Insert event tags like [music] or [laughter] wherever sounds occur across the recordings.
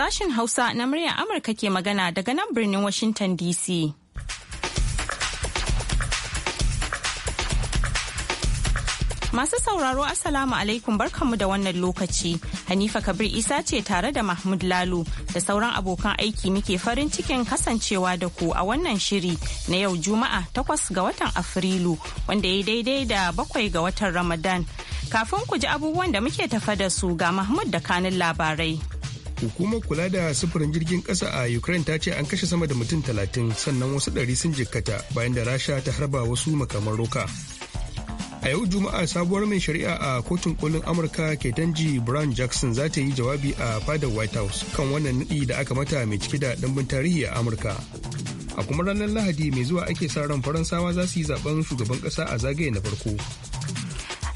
Sashen Hausa na murya Amurka ke magana daga nan birnin Washington DC. Masu sauraro Assalamu alaikum barkanmu da wannan lokaci. Hanifa Kabir Isa ce tare da Mahmud Lalo da sauran abokan aiki muke farin cikin kasancewa da ku a wannan shiri na yau Juma'a takwas ga watan Afrilu wanda ya daidai da bakwai ga watan Ramadan. Kafin ku ji abubuwan da muke tafa da su ga Mahmud da kanin labarai. hukumar kula da sufurin jirgin kasa a ukraine ta ce an kashe sama da mutum talatin sannan wasu ɗari sun jikkata bayan da rasha ta harba wasu makaman roka a yau juma'a sabuwar mai shari'a a kotun kolin amurka ketanji brown jackson za ta yi jawabi a fadar white house kan wannan nadi da aka mata mai cike da ɗanbin tarihi a amurka a kuma ranar lahadi mai zuwa ake sa ran faransawa za su yi zaben shugaban ƙasa a zagaye na farko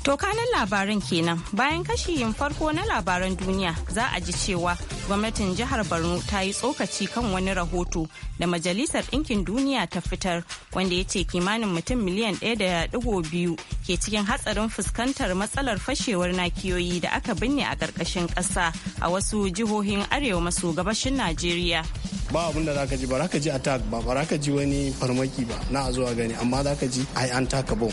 To kanan labaran kenan bayan kashiyin farko na labaran duniya za a ji cewa gwamnatin jihar Borno ta yi tsokaci kan wani rahoto da Majalisar Ɗinkin Duniya ta fitar wanda ya ce kimanin mutum miliyan ɗaya da biyu ke cikin hatsarin fuskantar matsalar fashewar nakiyoyi da aka binne a ƙarƙashin ƙasa a wasu jihohin arewa maso gabashin Najeriya. ba abin da za ka ji ba za ka ji attack ba ba za ka ji wani farmaki ba na zuwa gani amma za ka ji ai an taka bom.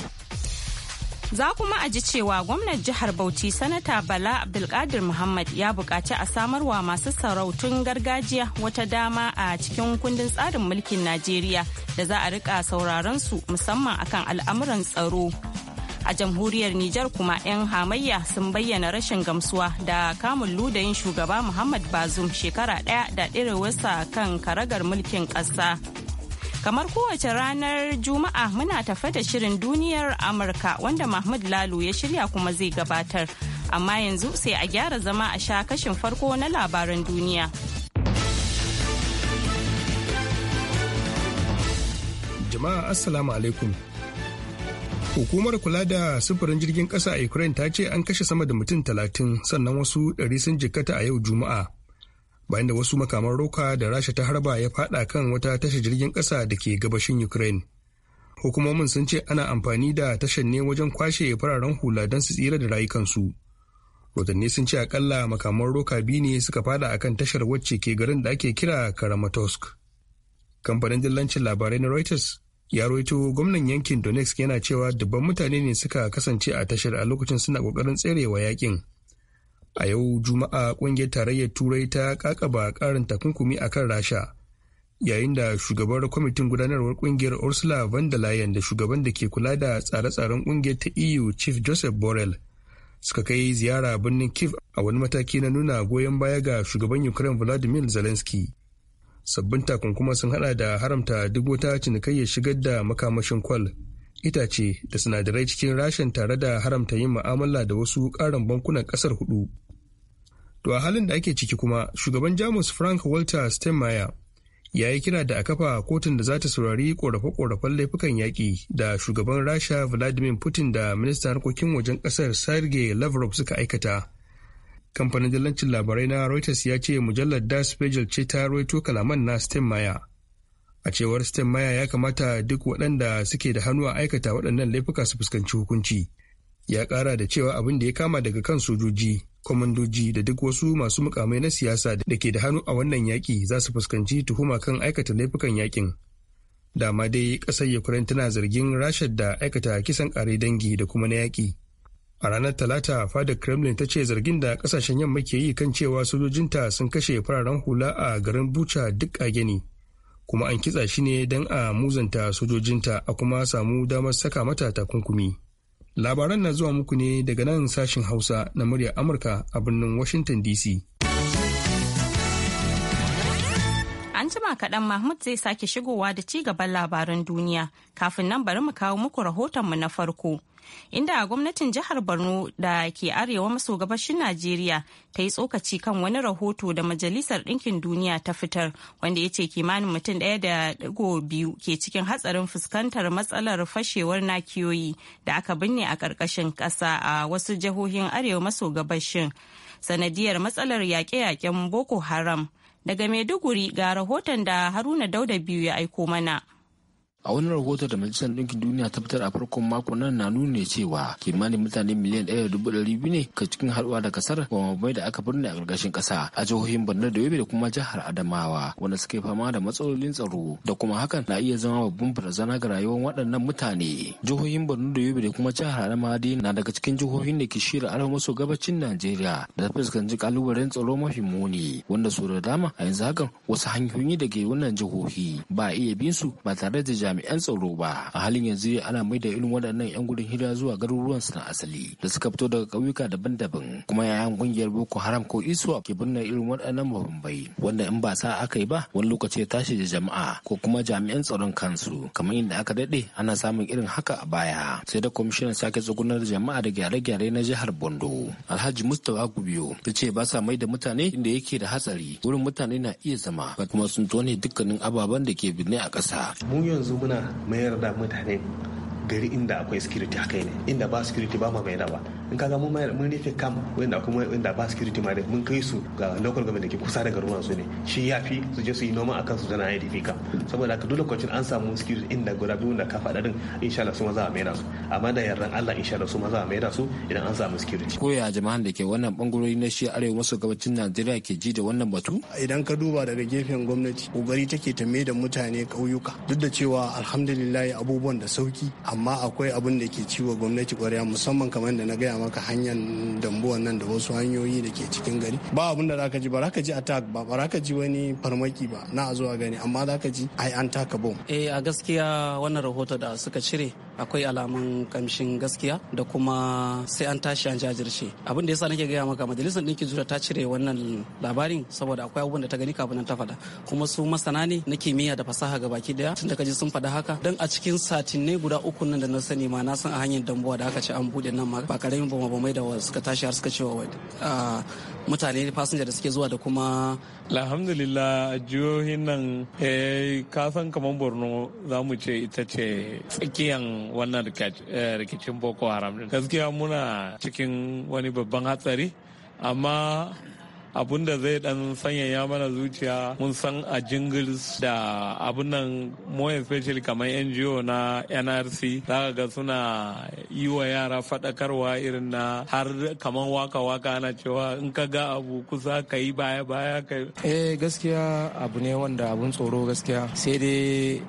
Za kuma a ji cewa gwamnan jihar Bauchi Sanata Bala Abdulkadir Muhammad ya buƙaci a samarwa masu sarautun gargajiya wata dama a cikin kundin tsarin mulkin Najeriya da za a rika sauraron su musamman akan al'amuran tsaro. A jamhuriyar Nijar kuma 'yan hamayya sun bayyana rashin gamsuwa da kamun ludayin shugaba Muhammad Bazum shekara ɗaya da ɗirewarsa kan karagar mulkin ƙasa. Kamar kowace ranar Juma'a muna tafe da shirin duniyar Amurka wanda Mahmud Lalo ya shirya kuma zai gabatar. Amma yanzu sai a gyara zama a sha kashin farko na labaran duniya. Jama'a Assalamu alaikum. Hukumar kula da sufurin jirgin kasa a Ukraine ta ce an kashe sama da mutum talatin sannan wasu ɗari sun jikkata a yau Juma'a. bayan da wasu makaman roka da rasha ta harba ya fada kan wata tashar jirgin kasa da ke gabashin ukraine hukumomin sun ce ana amfani da tashar ne wajen kwashe fararen hula don su tsira da rayukansu rotanni sun ce akalla makaman roka biyu ne suka fada akan tashar wacce ke garin da ake kira karamatosk kamfanin dillancin labarai na reuters ya roito gwamnan yankin donetsk yana cewa dubban mutane ne suka kasance a tashar a lokacin suna kokarin tserewa yakin a yau juma'a kungiyar tarayyar turai ta kakaba karin takunkumi a kan rasha yayin da shugabar kwamitin gudanarwar kungiyar ursula von der leyen da shugaban da ke kula da tsare-tsaren kungiyar ta eu chief joseph borrell suka kai ziyara birnin kiev a wani mataki na nuna goyon baya ga shugaban ukraine vladimir zelensky sabbin takunkuma sun hada da haramta duk wata cinikayyar shigar da makamashin kwal itace da sinadarai cikin rashin tare da haramta yin mu'amala da wasu karin bankunan kasar hudu To a halin da ake ciki kuma shugaban Jamus Frank Walter Steinmeier ya yi kira da a kafa kotun da za ta saurari korafe-korafen laifukan yaƙi da shugaban Rasha Vladimir Putin da ministan harkokin wajen ƙasar Sergei Lavrov suka aikata. Kamfanin dillancin labarai na Reuters ya ce mujallar Das Spiegel ce ta rawaito kalaman na Steinmeier. A cewar Steinmeier ya kamata duk waɗanda suke da hannu a aikata waɗannan laifuka su fuskanci hukunci. Ya ƙara da cewa abin da ya kama daga kan sojoji kwamandoji da duk wasu masu mukamai na siyasa da ke da hannu a wannan yaƙi za su fuskanci tuhuma kan aikata laifukan yaƙin dama dai ƙasar ukraine tana zargin rasha da aikata kisan ƙare dangi da kuma na yaƙi a ranar talata fadar kremlin ta ce zargin da ƙasashen yamma ke yi kan cewa sojojinta sun kashe fararen hula a garin bucha duk a gani kuma an kitsa shi ne don a muzanta sojojinta a kuma samu damar saka mata takunkumi. Labaran na zuwa muku ne daga nan sashin Hausa na muryar Amurka a birnin Washington DC. An jima kaɗan Mahmud zai sake shigowa da ci gaban labaran duniya kafin nan bari mu kawo muku rahotonmu na farko. inda gwamnatin jihar borno da ke arewa maso gabashin najeriya ta yi tsokaci kan wani rahoto da majalisar ɗinkin duniya ta fitar wanda ya ce kimanin mutum ɗaya da ɗigo biyu ke cikin hatsarin fuskantar matsalar fashewar nakiyoyi da aka binne a ƙarƙashin ƙasa a wasu jihohin arewa maso gabashin sanadiyar matsalar yaƙe-yaƙen boko haram daga maiduguri ga rahoton da haruna dauda biyu ya aiko mana. a wani rahoto da majalisar ɗinkin duniya ta fitar a farkon mako nan na nuna cewa kimanin mutane miliyan ɗaya da dubu ɗari biyu ne ka cikin haɗuwa da kasar gwamnati da aka birni a ƙarƙashin ƙasa a jihohin borno da yobe da kuma jihar adamawa wanda suke fama da matsalolin tsaro da kuma hakan na iya zama babban barazana ga rayuwar waɗannan mutane jihohin borno da yobe da kuma jihar adamawa dai na daga cikin jihohin da ke shira arewa maso gabacin najeriya da fuskanci kalubalen tsaro mafi muni wanda su da dama a yanzu hakan wasu hanyoyi da ke wannan jihohi ba iya bin su ba tare da jami'an tsaro ba a halin yanzu ana mai da irin waɗannan 'yan gudun hijira zuwa garuruwan su na asali da suka fito daga ƙauyuka daban-daban kuma yayan kungiyar boko haram ko isuwa ke binne irin waɗannan mabambai wanda in ba sa aka yi ba wani lokaci ya tashi da jama'a ko kuma jami'an tsaron kansu kamar yadda aka daɗe ana samun irin haka a baya sai da kwamishinan sake tsugunar da jama'a da gyare-gyare na jihar bondo alhaji mustapha gubiyo ta ce ba sa mai da mutane inda yake da hatsari wurin mutane na iya zama kuma sun tone dukkanin ababen da ke binne a ƙasa. mu yanzu muna mayar da mutane gari inda akwai security haka ne inda ba security ba ma mai ba in ka mun mun rufe kam wanda kuma inda ba security ma mun kai su ga local government da ke kusa da garuruwan su ne shi ya fi su je su yi noma akan su zana dafi kam saboda ka dole kwacin an samu security inda guda biyu da ka faɗa din insha Allah su ma za a maida su amma da yardan Allah insha Allah su ma za a su idan an samu security koya jama'an da ke wannan bangarori na shi arewa maso gabacin Najeriya ke ji da wannan batu idan ka duba daga gefen gwamnati kokari take ta mai da mutane ƙauyuka duk da cewa alhamdulillah abubuwan da sauki amma amma akwai abin da ke ciwo gwamnati kwarya musamman kamar da na gaya maka hanyar dambuwan nan da wasu hanyoyi da ke cikin gari ba abin da zaka ji ba zaka ji attack ba ba zaka ji wani farmaki ba na a zuwa gani amma zaka ji ai an taka bom eh a gaskiya wannan rahoto da suka cire akwai alaman kamshin gaskiya da kuma sai an tashi an jajirce abin da yasa nake gaya maka majalisar ɗinkin jura ta cire wannan labarin saboda akwai abubuwan da ta gani kafin ta faɗa kuma su masana ne na kimiyya da fasaha ga baki daya tun da kaji sun faɗa haka dan a cikin satinai guda uku nan da na sani ma na san a hanyar dambuwa da aka ce an buɗe nan ma ba karamin bama bamai da suka tashi har suka ce wa mutane fasinja da suke zuwa da kuma alhamdulillah jihohin nan eh, ka san kamar borno za mu ce ita ce tsakiyan wannan eh, rikicin boko haram gaskiya muna cikin wani babban hatsari amma abun da zai dan sanyaya mana zuciya mun san a jingles da abun nan more especially kamar ngo na nrc za ga suna yi wa yara faɗakarwa irin na har kamar waka-waka ana cewa in ka ga abu kusa ka yi baya-baya ka eh gaskiya abu ne wanda abun tsoro gaskiya sai dai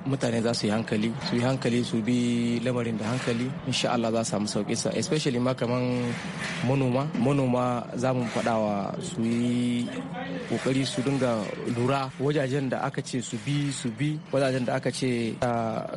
mutane za su yi hankali su yi hankali su bi lamarin da hankali insha Allah za samu sauki sa especially ma kamar manoma manoma za mu fadawa su yi yi kokari su dinga lura wajajen da aka ce su bi su bi wajajen da aka ce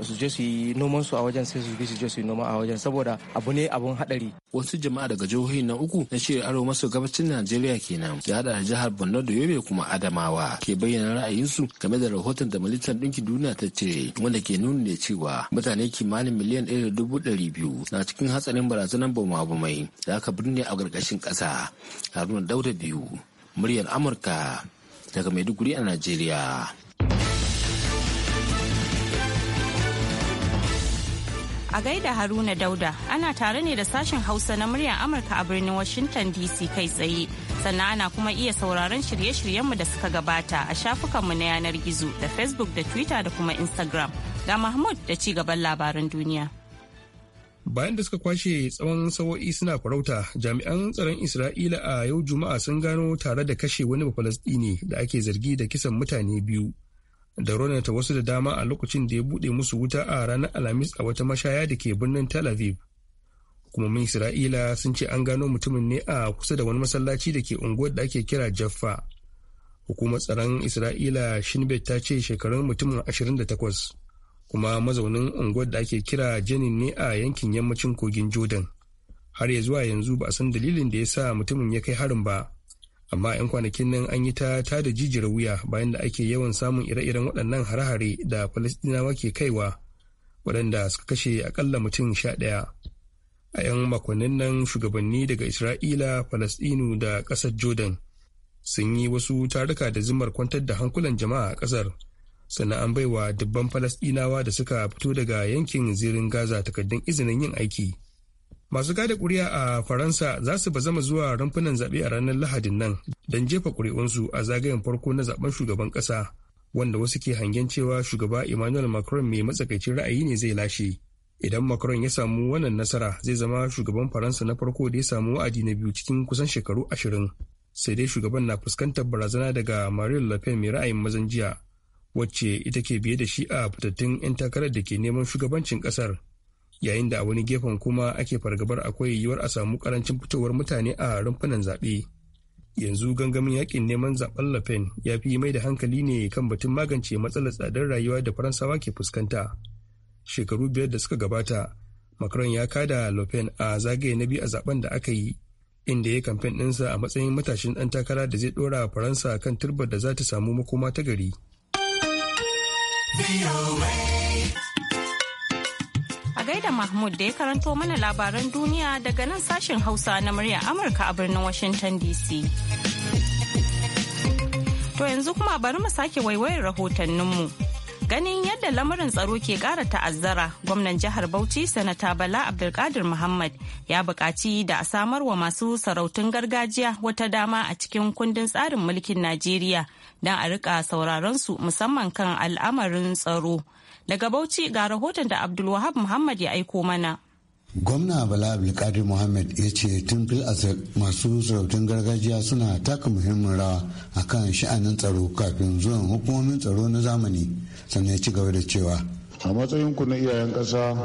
su je su yi noman su a wajen sai su bi su je su yi noma a wajen saboda abu ne abun hadari wasu jama'a daga jihohi na uku na ce arewa maso gabacin najeriya kenan ya hada da jihar borno da yobe kuma adamawa ke bayyana ra'ayinsu game da rahoton da malitan dinki duniya ta ce wanda ke nuna da cewa mutane kimanin miliyan ɗaya da dubu ɗari biyu na cikin hatsarin barazanar bama bamai da aka birne a ƙarƙashin ƙasa haruna dauda biyu muryar Amurka daga Maiduguri a Najeriya. A gaida Haruna Dauda ana tare ne da sashen Hausa na muryar Amurka a birnin Washington DC kai tsaye. Sannan ana kuma iya sauraron shirye-shiryenmu da suka gabata a shafukanmu na yanar gizo da Facebook da Twitter da kuma Instagram. Ga Mahmud da ci gaban labaran duniya. bayan da suka kwashe tsawon sawo'i suna farauta jami'an tsaron isra'ila a yau juma'a sun gano tare da kashe wani bafalastini da ake zargi da kisan mutane biyu da ta wasu da dama a lokacin da ya buɗe musu wuta a ranar alhamis a wata mashaya da ke birnin tel aviv hukumomin isra'ila sun ce an gano mutumin ne a kusa da wani masallaci da ke unguwar da ake kira jaffa hukumar tsaron isra'ila shinbet ta ce shekarun mutumin 28 kuma mazaunin unguwar da ake kira janin ne a yankin yammacin kogin jordan har ya zuwa yanzu ba a san dalilin da ya sa mutumin ya kai harin ba amma 'yan kwanakin nan an yi ta tada jijiyar wuya bayan da ake yawan samun ire-iren waɗannan hare-hare da falastinawa ke kaiwa waɗanda suka kashe akalla mutum sha ɗaya a 'yan makonnin nan shugabanni daga isra'ila falastinu da ƙasar jordan sun yi wasu taruka da zimmar kwantar da hankulan jama'a a ƙasar sannan an baiwa dubban falasɗinawa da suka fito daga yankin zirin gaza takardun izinin yin aiki masu gada kuri'a a faransa za su bazama zuwa rumfunan zaɓe a ranar lahadin nan don jefa kuri'unsu a zagayen farko na zaben shugaban ƙasa wanda wasu ke hangen cewa shugaba emmanuel macron mai matsakaicin ra'ayi ne zai lashe idan macron ya samu wannan nasara zai zama shugaban faransa na farko da ya samu wa'adi na biyu cikin kusan shekaru ashirin sai dai shugaban na fuskantar barazana daga marine le mai ra'ayin mazan jiya wacce ita ke biye da shi a fitattun 'yan takarar da ke neman shugabancin kasar yayin da a wani gefen kuma ake fargabar akwai yiwuwar a samu karancin fitowar mutane a rumfunan zaɓe yanzu gangamin yakin neman zaɓen le ya fi mai da hankali ne kan batun magance matsalar tsadar rayuwa da faransawa ke fuskanta shekaru biyar da suka gabata macron ya kada le a zagaye na biyu a zaben da aka yi inda ya kamfen ɗinsa a matsayin matashin ɗan takara da zai ɗora faransa kan turbar da za ta samu makoma ta gari A gaida Mahmud da ya karanto mana labaran duniya daga nan sashen Hausa na murya Amurka a birnin Washington DC. To yanzu kuma bari mu sake waiwayar rahotanninmu. Ganin yadda lamarin tsaro ke ƙara ta'azzara, gwamnan jihar Bauchi Sanata Bala Abdulkadir Muhammad ya buƙaci da a samar wa masu sarautun gargajiya wata dama a cikin kundin tsarin mulkin Najeriya don a rika sauraron su musamman kan al'amarin tsaro. Daga Bauchi ga rahoton da Abdulwahab Muhammad ya aiko mana. gwamna bala abdulkadir muhammad ya ce tun fil masu sarautun gargajiya suna taka muhimmin rawa a kan sha'anin tsaro kafin zuwan hukumomin tsaro na zamani sannan ya ci gaba da cewa a matsayin ku na iyayen ƙasa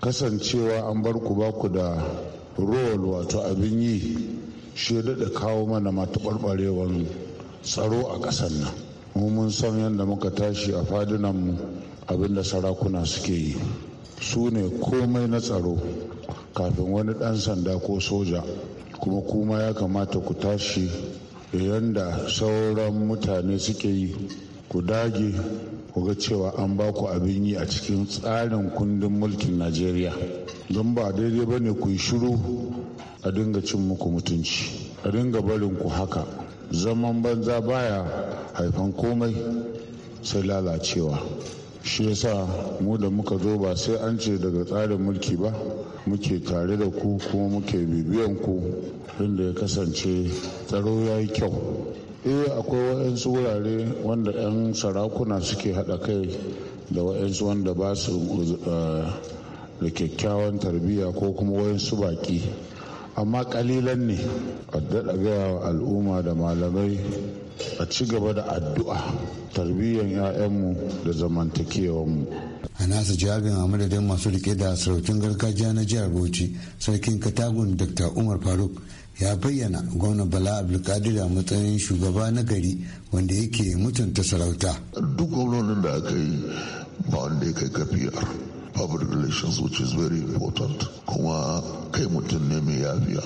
kasancewa an bar ku ba ku da rol wato abin yi shi da kawo mana matuɓar ɓarewar tsaro a ƙasar nan mu mun san yadda muka tashi a mu abinda sarakuna suke yi su ne komai na tsaro kafin wani ɗan sanda ko soja kuma kuma ya kamata ku tashi yadda sauran mutane suke yi ku dage ku ga cewa an ba ku abin yi a cikin tsarin kundin mulkin najeriya don ba daidai ba ne ku yi shiru a dinga cin muku mutunci a dinga barin ku haka zaman banza baya haifan komai sai lalacewa shi yasa mu da muka zo ba sai an ce daga tsarin mulki ba muke tare da ku kuma muke bibiyan ku inda ya kasance tsaro ya yi kyau eh akwai waɗansu wurare wanda 'yan sarakuna suke haɗa kai da waɗansu wanda ba su eh, da kyakkyawan tarbiyya ko kuma waɗansu baƙi amma kalilan ne a daɗa gaya wa al'umma da malamai a ci gaba da addu'a tarbiyyar 'ya'yanmu da zamantakewanmu a nasa jawabin a madadin masu rike da sarautun gargajiya na jihar bauchi sarkin katagun dr umar faruk ya bayyana gwamna bala abdulkadir a matsayin shugaba na gari wanda yake mutunta sarauta duk gwamnonin da aka yi ba wanda ya kai kafiyar public relations which is very important kuma kai mutum ne mai yafiya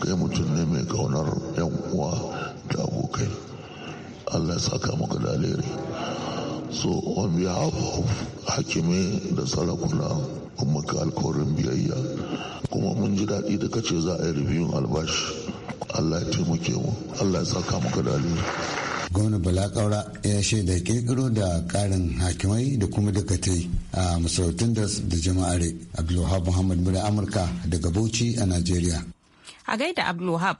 kai mutum ne mai kaunar yan uwa da abokai allah ya saka maka da alheri so on behalf of hakimi da sarakuna kuma ka alkawarin biyayya kuma mun ji daɗi da kace za a yi review albashi allah ya taimake mu allah ya saka maka da alheri gwamna bala kaura ya shaida kirkiro da karin hakimai da kuma dakatai a masarautun da jama'are abdulwahab muhammad mura amurka daga bauchi a najeriya a gaida abdulwahab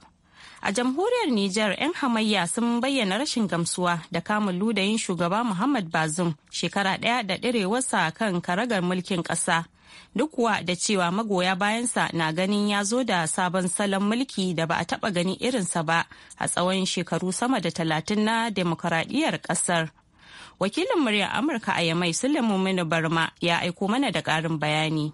a jamhuriyar niger 'yan hamayya sun bayyana rashin gamsuwa da kamun ludayin shugaba muhammad bazum shekara ɗaya da ɗirewarsa kan karagar mulkin ƙasa duk kuwa da cewa magoya bayansa na ganin ya zo da sabon salon mulki da ba a taɓa gani irinsa ba a tsawon shekaru sama da talatin na demokaradiyyar ƙasar. Wakilin muryar Amurka a Yamai minu Barma ya aiko mana da ƙarin bayani.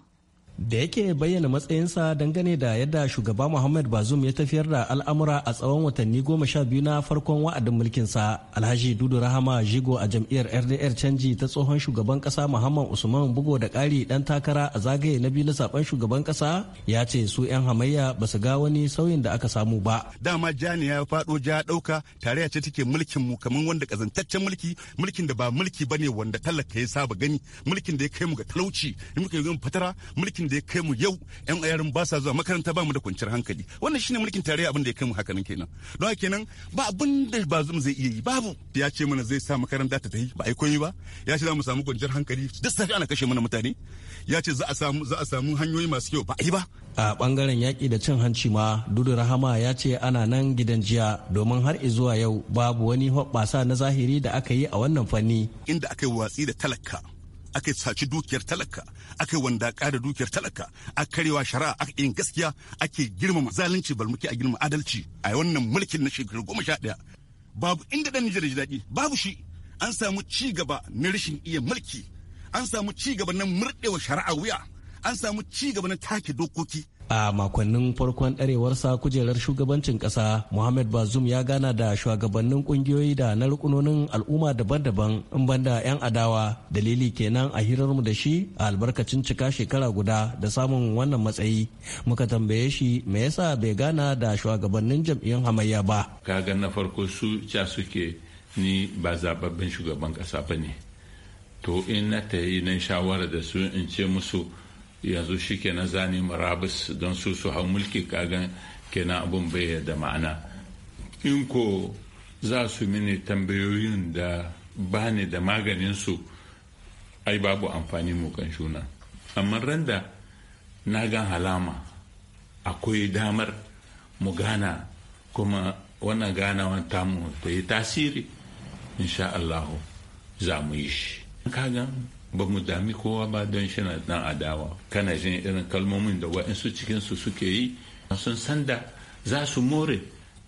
da yake bayyana matsayinsa dangane da yadda shugaba muhammad bazum ya tafiyar da al'amura a tsawon watanni goma sha biyu na farkon wa'adin mulkinsa alhaji dudu rahama jigo a jam'iyyar rdr canji ta tsohon shugaban kasa muhammad usman bugo da ƙari dan takara a zagaye na biyu na zaben shugaban kasa ya ce su 'yan hamayya ba su ga wani sauyin da aka samu ba dama jani ya faɗo ja ɗauka tarayya ce take mulkin mu kamar wanda kazantaccen mulki mulkin da ba mulki bane wanda talaka ya saba gani mulkin da ya kai mu ga talauci mulkin da ya fatara mulkin da ya kai mu yau yan ayarin ba sa zuwa makaranta ba mu da kwanciyar hankali wannan shine mulkin tarayya abin da ya kai mu hakanan kenan don haka kenan ba abin da ba bazum zai iya yi babu ya ce mana zai sa makaranta ta yi ba ai koyi ba ya ce za mu samu kwanciyar hankali duk safi ana kashe mana mutane ya ce za a samu za a samu hanyoyi masu kyau ba ai ba a bangaren yaƙi da cin hanci ma dudu rahama ya ce ana nan gidan jiya domin har zuwa yau babu wani hoɓɓasa na zahiri da aka yi a wannan fanni inda aka yi watsi da talaka aka saci dukiyar talaka aka wanda da dukiyar talaka a karewa shari'a aka yin gaskiya ake girmama zalunci balmuki a girmama adalci a wannan mulkin na shekaru goma sha ɗaya babu inda ɗan nijar ji daɗi babu shi an samu ci gaba na rashin iya mulki an samu ci gaba na murɗewa shari'a wuya an samu ci gaba na take dokoki a makonnin farkon ɗarewarsa kujerar shugabancin ƙasa muhammad bazum ya gana da shugabannin ƙungiyoyi da na rukunonin al'umma daban-daban in banda 'yan adawa dalili kenan a hirarmu da shi a albarkacin cika shekara guda da samun wannan matsayi muka tambaye shi me yasa bai gana da shugabannin jam'iyyun hamayya ba kaga na farko su ca suke ni ba zababben shugaban ƙasa ba ne to in na ta yi nan shawara da su in ce musu yanzu shi na zane marabus don su su hau mulki kagan kenan abun bai da ma'ana in ko za su mini tambayoyin da ba ni da maganinsu ai babu amfani mu kan shuna amma randa na gan halama akwai damar mu gana kuma wannan ganawan tamu ta yi tasiri insha Allah za mu yi shi ba mu dami kowa ba don shi na dan adawa kana jin irin kalmomin da wa'insu cikinsu suke yi sun sanda za su more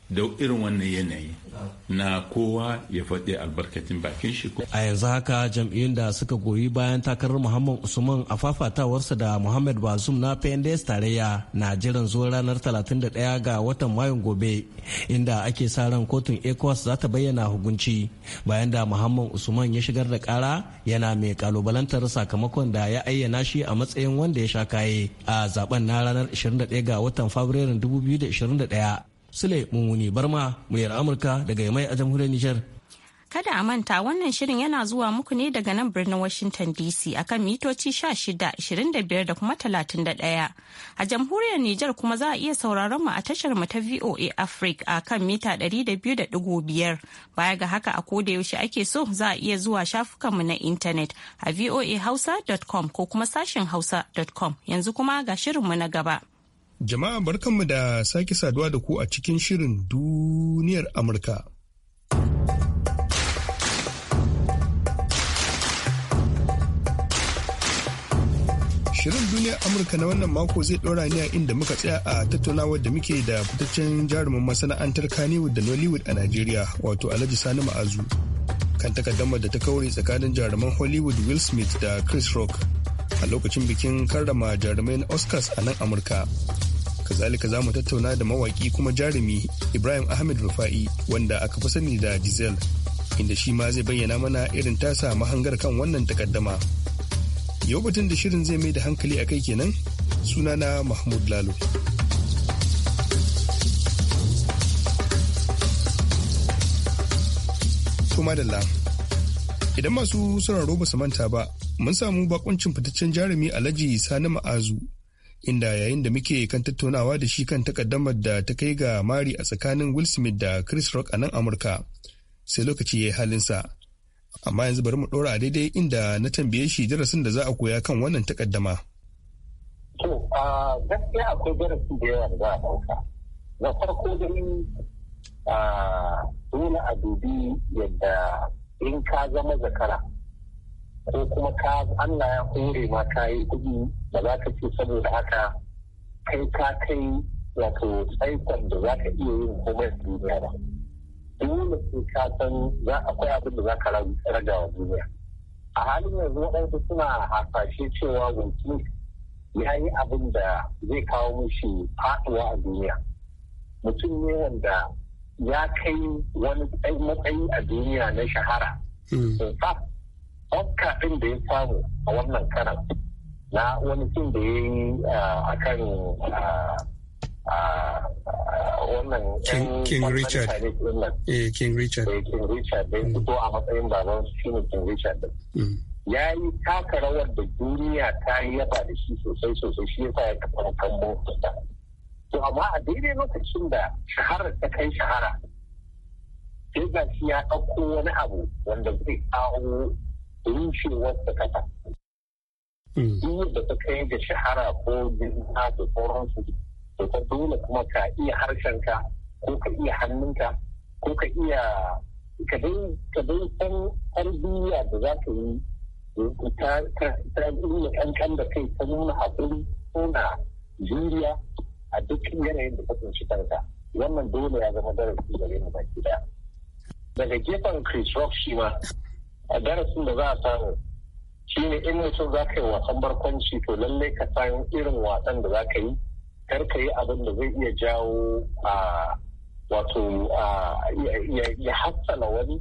da irin wannan yanayi na kowa ya faɗi albarkacin bakin shi. A yanzu haka jam'iyyun da suka goyi bayan takarar Muhammad Usman a fafatawarsa da Muhammad Bazum na PNDS tarayya na jiran zuwa ranar 31 ga watan Mayun gobe inda ake sa ran kotun ECOWAS za ta bayyana hukunci bayan da Muhammad Usman ya shigar da kara yana mai kalubalantar sakamakon da ya ayyana shi a matsayin wanda ya sha kaye a zaben na ranar 21 ga watan Fabrairun 2021. Sule Mummuni Barma muryar Amurka daga Yamai a jamhuriyar Nijar. Kada a manta wannan shirin yana zuwa muku ne daga nan birnin Washington DC akan mitoci 16, 25 da kuma 31. A jamhuriyar Nijar kuma za a iya sauraron mu a tashar mu ta VOA Africa a kan mita 200.5. Baya ga haka a koda yaushe ake so za a iya zuwa shafukanmu na intanet a voahausa.com ko kuma sashen hausa.com. Yanzu kuma ga shirinmu na gaba. Jama'a barkanmu da sake saduwa da ku a cikin shirin duniyar Amurka. Shirin duniyar Amurka na wannan mako zai ɗora ne a inda muka tsaya a tattaunawar da muke da fitaccen jarumin masana'antar Kannywood da Nollywood a Najeriya wato Alhaji Sani Ma'azu. Kan takaddamar da ta kaure tsakanin jaruman Hollywood Will Smith da Chris Rock. a lokacin bikin karrama na oscars a nan amurka kazalika za mu tattauna da mawaki kuma jarumi ibrahim ahmed rufa'i wanda aka fi sani da diesel inda shi ma zai bayyana mana irin tasa mahangar kan wannan takaddama yau batun da shirin zai mai da hankali a kai kenan sunana mahmud lalo to idan masu sauraro ba su manta ba mun samu bakuncin fitaccen jarumi a alhaji sani ma'azu inda yayin da muke kan tattaunawa da shi kan takaddamar da ta kai ga mari a tsakanin will smith da chris rock a nan amurka sai lokaci ya yi halinsa amma yanzu bari mu ɗora daidai inda na tambaye shi darasin da za a koya kan wannan takaddama. to a gaskiya akwai darasi da yawa da za a na farko dai dole a dubi yadda in ka zama zakara ko kuma ka Allah ya hore ma ka yi kuɗi da za ka ce saboda haka kai ka kai wato tsaikon da za ka iya yin komai a duniya ba. Dole sai ka san za akwai abin da za ka raga wa duniya. A halin yanzu waɗansu suna hasashe cewa Will ya yi abin da zai kawo mushi faɗuwa a duniya. Mutum ne wanda ya kai wani matsayi a duniya na shahara. Hmm. In fact, Oscar ɗin da ya samu a wannan karan na wani fim da ya yi a kan wannan King Richard. Eh, King Richard. Eh, King Richard da ya fito a matsayin baban shi ne King Richard ɗin. Mm. Ya yi taka rawar da duniya ta yi yaba da shi sosai sosai shi yasa ya kafa motsa To amma a daidai lokacin da shahara ta kai shahara sai ga shi ya ɗauko wani abu wanda zai kawo rushewar da kasa hmm. duk da ta kai da shahara ko jinta da sauransu to ta dole kuma ka iya harshenka ko ka iya hannunka ko ka iya ka dai ka dai san tarbiyya da za ka yi ta nuna kankan da kai ta nuna haƙuri nuna juriya a duk yanayin da ka tsinci kanka wannan dole ya zama darasi gare mu baki daya daga gefen Chris Rock shi ma a darasin da za a samu shi ne in mutum za ka yi wasan barkwanci to lallai ka san irin wasan da za ka yi kar ka yi abin da zai iya jawo a wato ya hassala wani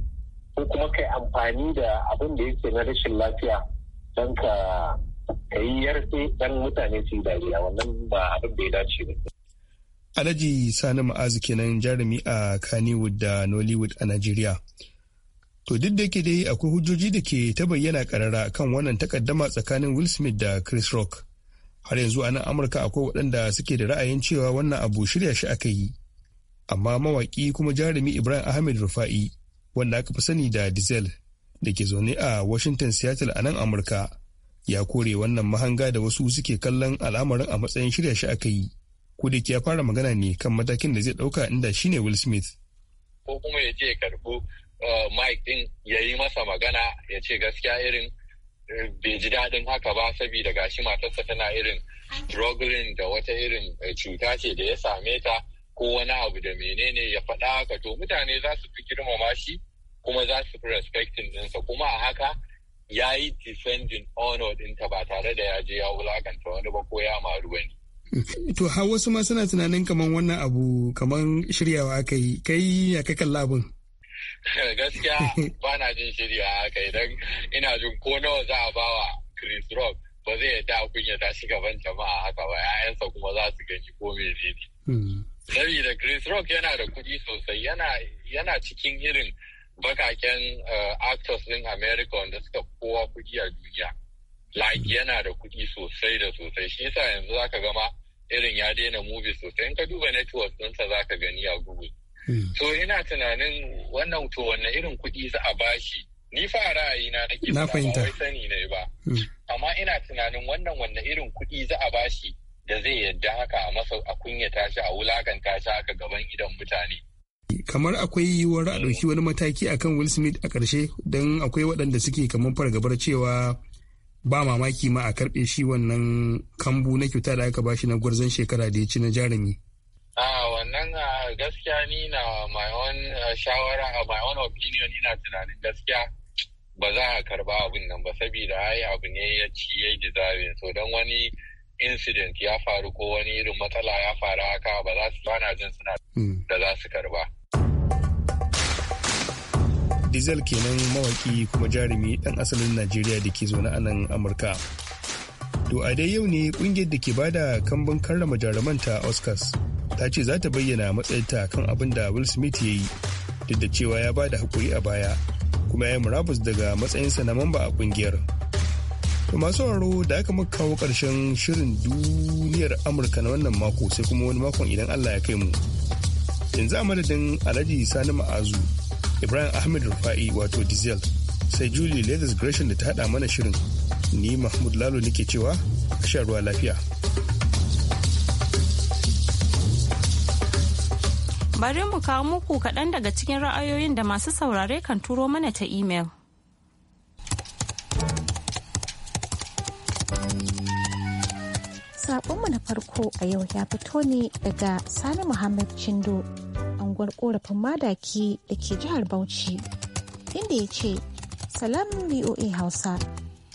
ko kuma ka yi amfani da abin da yake na rashin lafiya don ka yi yarfe dan mutane su yi dariya wannan ba abin da ya dace ba. Alhaji Sani Ma'azu kenan jarumi a Kannywood da Nollywood a Najeriya. To duk da yake dai akwai hujjoji da ke ta bayyana karara kan wannan takaddama tsakanin Will Smith da Chris Rock. Har yanzu a nan Amurka akwai waɗanda suke da ra'ayin cewa wannan abu shirya shi aka yi. Amma mawaƙi kuma jarumi Ibrahim Ahmed Rufa'i wanda aka fi sani da Diesel da ke zaune a Washington Seattle a nan Amurka ya kore wannan mahanga da wasu suke kallon al'amarin a matsayin shirya shi aka yi. Ko da ya fara magana ne kan matakin da zai ɗauka inda shine Will Smith. Ko kuma ya je ya karɓo Uh, Mike din ya yi masa magana ya ce gaskiya irin eh, bai ji daɗin haka ba saboda gashi matarsa tana irin struggling da wata irin eh, cuta ce da ya same ta ko wani abu da menene ya faɗa haka to mutane za su fi girmama shi kuma za su fi respecting ɗinsa kuma a haka ya yi defending honor ɗinta ba tare da ya je ya wulakanta wani ba ko ya maru wani. To har wasu ma suna tunanin kamar wannan abu kamar shiryawa aka yi kai ya kai [laughs] gaskiya ba na jin shiri a haka idan ina jin ko nawa za a bawa Chris Rock ba zai yadda a kunyata shi gaban jama'a haka ba 'ya'yansa kuma za su gani ko menene. Hmm. sabida Chris Rock yana da kuɗi sosai yana cikin irin bakaken eh, actors din America wanda suka kowa kuɗi a duniya. Like yana da kuɗi sosai da sosai shi yasa yanzu zaka gama irin ya daina movie sosai in ka duba network ɗinsa zaka gani a Google. So hmm. ina tunanin wannan to wanne irin kuɗi za a bashi. Ni fa ra'ayina nake na fahimta wai sani ne ba. Hmm. Amma ina tunanin wannan wanne irin kuɗi za a bashi da zai yadda haka a masa a kunyata shi a wulakanta shi haka gaban idan mutane. kamar akwai yiwuwar a ɗauki wani mataki akan will smith a ƙarshe don akwai waɗanda suke kamar fargabar cewa ba mamaki ma a karɓe shi wannan kambu na kyauta da aka bashi na gwarzon shekara da ya ci na jarumi. a ah, wannan gaskiya ni na my own shawara a my own opinion ina tunanin gaskiya ba za a karba abin nan ba saboda ai abu ne ya ci ya yi so don wani incident ya faru ko wani irin matsala ya faru haka ba za su bana jin suna hmm. da za su karba. Diesel kenan mawaki kuma jarumi dan asalin Najeriya da ke zaune a nan Amurka. To a dai yau ne kungiyar da ke bada kambun karrama jaruman ta Oscars ta ce za ta bayyana matsayinta kan abin da will smith ya yi duk da cewa ya bada hakuri a baya kuma ya yi murabus daga matsayinsa na mamba a kungiyar to masu sauraro da aka muka kawo ƙarshen shirin duniyar amurka na wannan mako sai kuma wani makon idan allah ya kai mu yanzu a madadin alhaji sani ma'azu ibrahim ahmed rufa'i wato diesel sai julie leathers gresham da ta haɗa mana shirin ni mahmud lalo nake cewa a sha ruwa lafiya bari mu kawo muku kaɗan daga cikin ra'ayoyin da masu saurare kan turo mana ta imel. Saƙonmu na farko a yau ya fito ne daga Sani Muhammad Chindo, unguwar ƙorafin madaki da ke jihar Bauchi, inda ya ce, Salam VOA Hausa,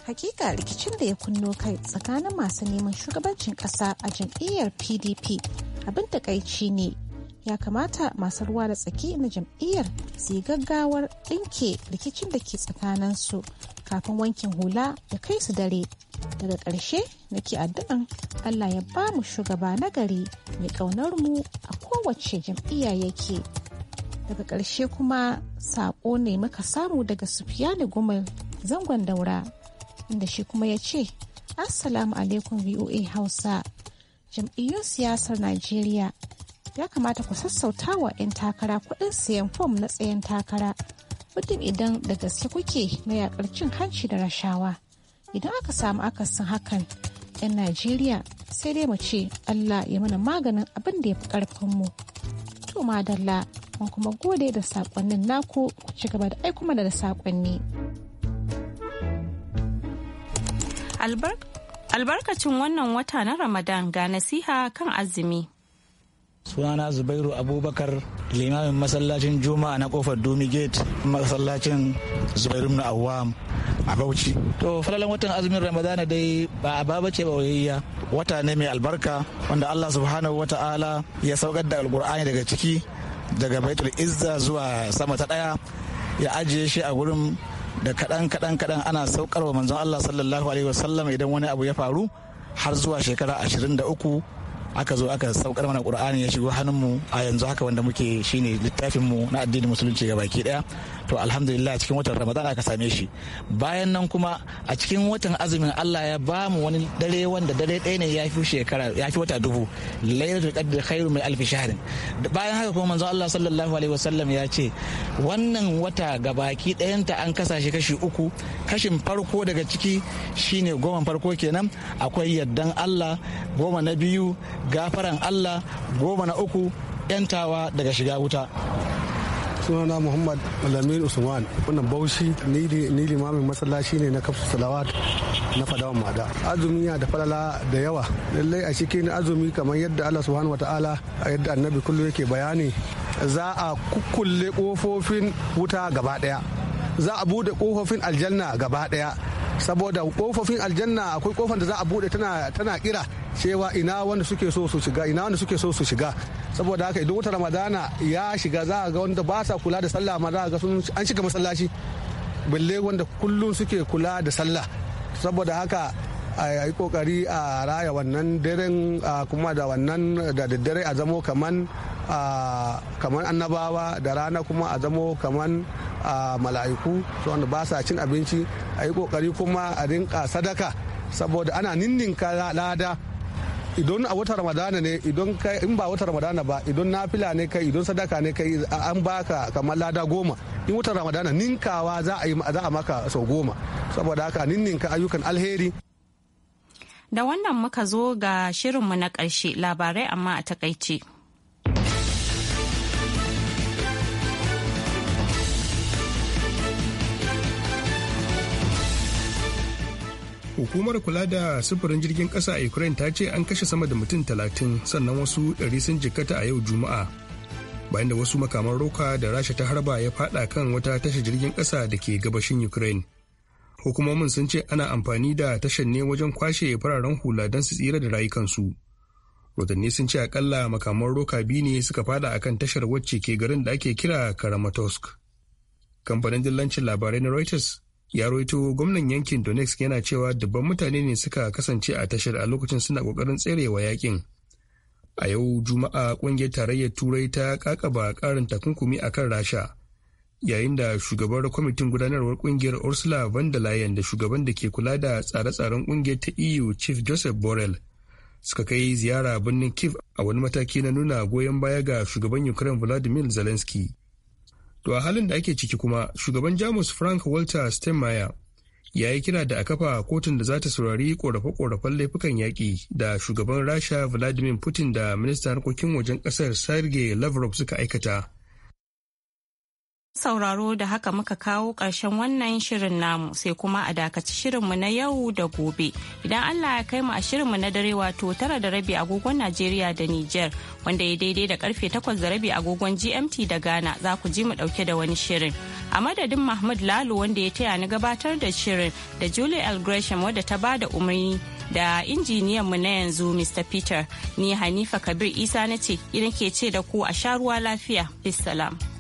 hakika rikicin da ya kunno kai tsakanin masu neman shugabancin ƙasa a jam'iyyar PDP abin takaici ne ya kamata masu ruwa da tsaki na jam'iyyar su yi gaggawar ɗinke rikicin da ke tsakanin su kafin wankin hula da kai su dare daga ƙarshe nake addu'an allah ya ba mu shugaba nagari mai ƙaunar mu a kowace jam'iyya yake daga ƙarshe kuma saƙo ne muka samu daga sufiyani gumal zangon daura inda shi kuma ya ce assalamu alaikum voa hausa jam'iyyun siyasar najeriya ya kamata ku sassauta wa 'yan takara kuɗin siyan fom na tsayen takara muddin idan da gaske kuke na yakar cin hanci da rashawa idan aka samu akasin hakan 'yan najeriya sai dai mu ce allah ya mana maganin abin da ya fi karfinmu to madalla mun kuma gode da saƙonnin naku ku ci gaba da ai kuma da saƙonni albarkacin wannan wata na ramadan ga nasiha kan azumi sunana zubairu abubakar limamin masallacin juma'a na kofar domi gate masallacin zubairu na awam a bauchi to falalan watan azumin ramadana dai ba a baba ce ba wayayya wata ne mai albarka wanda allah subhanahu wa ta'ala ya saukar da alkur'ani daga ciki daga baitul izza zuwa sama ta daya ya ajiye shi a gurin da kadan kadan kadan ana saukar wa manzon allah sallallahu alaihi wasallam idan wani abu ya faru har zuwa shekara 23 aka zo aka saukar mana qur'ani ya shigo mu a yanzu haka wanda muke shine littafin mu na addinin musulunci ga baki daya to alhamdulillah cikin watan ramadan aka same shi bayan nan kuma a cikin watan azumin Allah ya ba mu wani dare wanda dare ɗaya ne ya fi shekara ya fi wata dubu lailatul qadr khairu min alf shahrin bayan haka kuma manzo Allah sallallahu alaihi wasallam ya ce wannan wata ga baki ɗayanta an kasa shi kashi uku kashin farko daga ciki shine goma farko kenan akwai yaddan Allah goma na biyu gafaran allah goma na uku 'yantawa daga shiga wuta sunana muhammad lamin usman wannan baushi ni limamin masallaci ne na kafsu salawat na fadawan mada azumi da falala da yawa lallai a cikin azumi kamar yadda allah subhanahu wataala yadda annabi kullum yake bayani za a kukulle kofofin wuta gaba daya za a bude kofofin aljanna gaba daya saboda kofofin aljanna akwai kofan da za a bude tana kira cewa ina wanda suke so su shiga ina wanda suke so su shiga saboda haka idan wata ramadana ya shiga za a ga wanda ba sa kula da sallah ma za a ga sun an shiga masallaci balle wanda kullum suke kula da sallah saboda haka a yi kokari a raya wannan daren kuma da wannan da daddare a zamo kaman kamar annabawa da rana kuma a zamo kamar mala'iku wanda ba sa cin abinci a yi kokari kuma a rinka sadaka saboda ana ninninka lada idan a wata ramadana ne idan in ba wata ramadana ba idan fila ne kai idan sadaka ne kai an baka kamar lada goma in wata ramadana ninkawa za a maka sau goma saboda haka ninninka ayyukan alheri da wannan muka zo ga shirinmu na ƙarshe labarai amma a takaice hukumar kula da sufurin jirgin ƙasa a ukraine ta ce an kashe sama da mutum talatin sannan wasu ɗari sun jikkata a yau juma'a bayan da wasu makaman roka da rasha ta harba ya fada kan wata tashar jirgin ƙasa da ke gabashin ukraine hukumomin sun ce ana amfani da tashar ne wajen kwashe fararen hula don su tsira da rayukansu rodanni sun ce akalla makaman roka biyu ne suka fada akan tashar wacce ke garin da ake kira karamatosk kamfanin dillancin labarai na reuters ya roito gwamnan yankin donetsk yana cewa dubban mutane ne suka kasance a tashar a lokacin suna kokarin tserewa yakin a yau juma'a kungiyar tarayyar turai ta kakaba karin takunkumi kan rasha yayin da shugabar kwamitin gudanarwar kungiyar ursula von der leyen da shugaban da ke kula da tsare-tsaren kungiyar ta eu chief joseph borrell suka kai ziyara birnin kiev a wani mataki na nuna goyon baya ga shugaban ukraine vladimir zelensky To a halin da ake ciki kuma shugaban Jamus Frank Walter Steinmeier ya yi kira da a kafa kotun da za ta saurari korafe-korafen laifukan yaƙi da shugaban Rasha Vladimir Putin da ministan harkokin wajen ƙasar Sergei Lavrov suka aikata. sauraro da haka muka kawo ƙarshen wannan shirin namu sai kuma a dakaci shirinmu na yau da gobe idan allah ya kai mu a shirinmu na dare wato tara da rabi agogon najeriya da niger wanda ya daidai da karfe takwas da rabi agogon gmt da ghana za ku ji mu dauke da wani shirin a madadin mahmud lalo wanda ya taya ni gabatar da shirin da julie l gresham wadda ta bada umarni da injiniyan mu na yanzu mr peter ni hanifa kabir isa na ce ke ce da ku a sha ruwa lafiya bisalam.